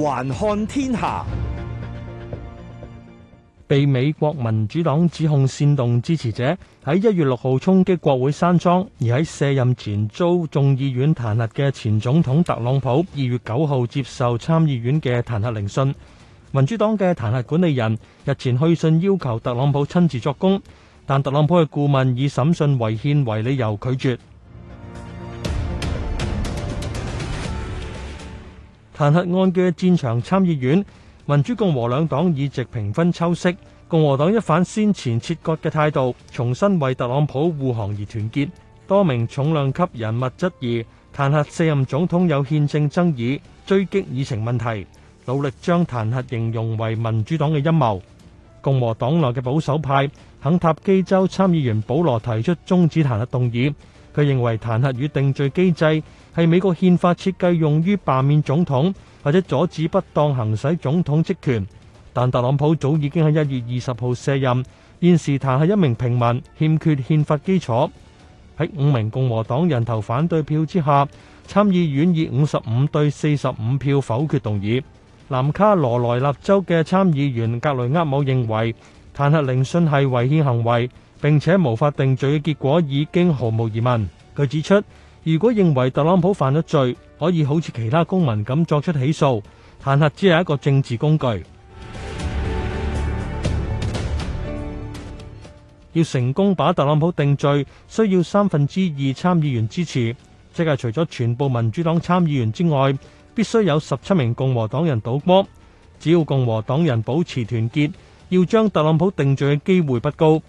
環看天下，被美國民主黨指控煽動支持者喺一月六號衝擊國會山莊，而喺卸任前遭眾議院彈劾嘅前總統特朗普，二月九號接受參議院嘅彈劾聆訊。民主黨嘅彈劾管理人日前去信要求特朗普親自作供，但特朗普嘅顧問以審訊違憲為理由拒絕。彈劾案嘅戰場，參議院民主共和兩黨議席平分秋色。共和黨一反先前切割嘅態度，重新為特朗普護航而團結。多名重量級人物質疑彈劾卸任總統有憲政爭議、追擊已成問題，努力將彈劾形容為民主黨嘅陰謀。共和黨內嘅保守派肯塔基州參議員保羅提出終止彈劾動議。佢認為彈劾與定罪機制係美國憲法設計用於罷免總統或者阻止不當行使總統職權，但特朗普早已經喺一月二十號卸任，現時彈劾一名平民，欠缺憲法基礎。喺五名共和黨人投反對票之下，參議院以五十五對四十五票否決動議。南卡羅來納州嘅參議員格雷厄姆認為。彈劾聆訊係違憲行為，並且無法定罪嘅結果已經毫無疑問。佢指出，如果認為特朗普犯咗罪，可以好似其他公民咁作出起訴，彈劾只係一個政治工具。 要成功把特朗普定罪，需要三分之二參議員支持，即係除咗全部民主黨參議員之外，必須有十七名共和黨人倒戈。只要共和黨人保持團結，要將特朗普定罪嘅機會不高，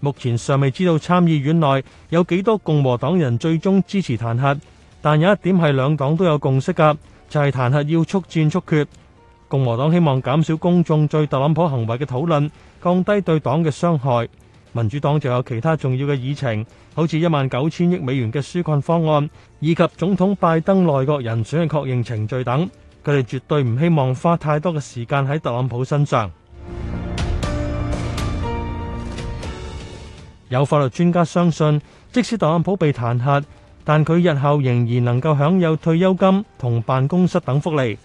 目前尚未知道參議院內有幾多共和黨人最終支持彈劾。但有一點係兩黨都有共識噶，就係彈劾要速戰速決。共和黨希望減少公眾對特朗普行為嘅討論，降低對黨嘅傷害。民主黨就有其他重要嘅議程，好似一萬九千億美元嘅紓困方案以及總統拜登內閣人選嘅確認程序等。佢哋絕對唔希望花太多嘅時間喺特朗普身上。有法律專家相信，即使特朗普被彈劾，但佢日後仍然能夠享有退休金同辦公室等福利。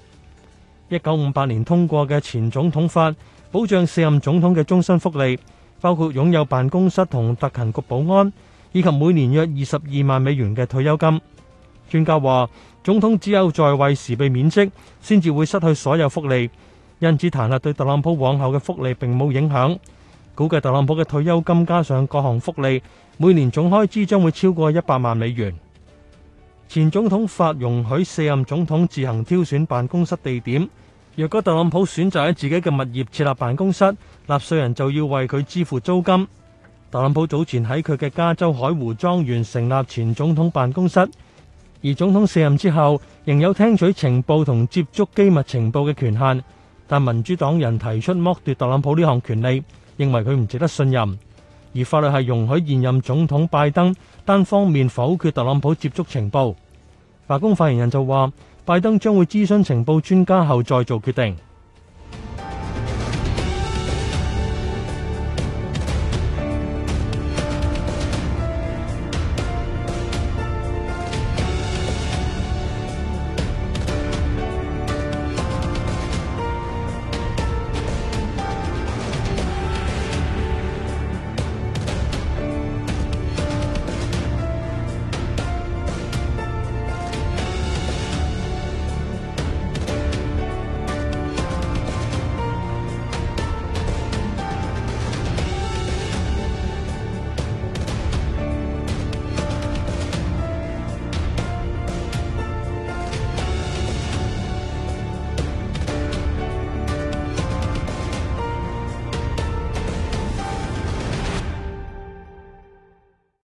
一九五八年通過嘅前總統法保障卸任總統嘅終身福利，包括擁有辦公室同特勤局保安，以及每年約二十二萬美元嘅退休金。專家話，總統只有在位時被免職，先至會失去所有福利，因此彈劾對特朗普往後嘅福利並冇影響。估計特朗普嘅退休金加上各項福利，每年總開支將會超過一百萬美元。前總統法容許卸任總統自行挑選辦公室地點，若果特朗普選擇喺自己嘅物業設立辦公室，納稅人就要為佢支付租金。特朗普早前喺佢嘅加州海湖莊園成立前總統辦公室，而總統卸任之後仍有聽取情報同接觸機密情報嘅權限，但民主黨人提出剝奪特朗普呢項權利。認為佢唔值得信任，而法律係容許現任總統拜登單方面否決特朗普接觸情報。白宮發言人就話，拜登將會諮詢情報專家後再做決定。